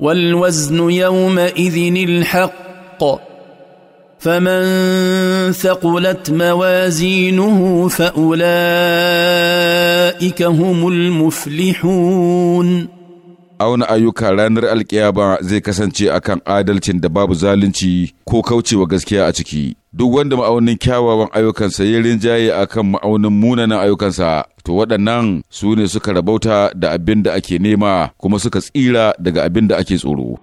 والوزن يومئذ الحق فمن ثقلت موازينه فأولئك هم المفلحون أون أيوكا رانر الكيابا زي كسنتي أكان عادلتين دباب زالنتي كوكوتي وغزكيا أتكي duk wanda ma'aunin kyawawan ayyukansa ya rinjaye a kan ma'aunin munanan ayyukansa, to waɗannan su ne suka rabauta da abin da ake nema kuma suka tsira daga abin da ake tsoro.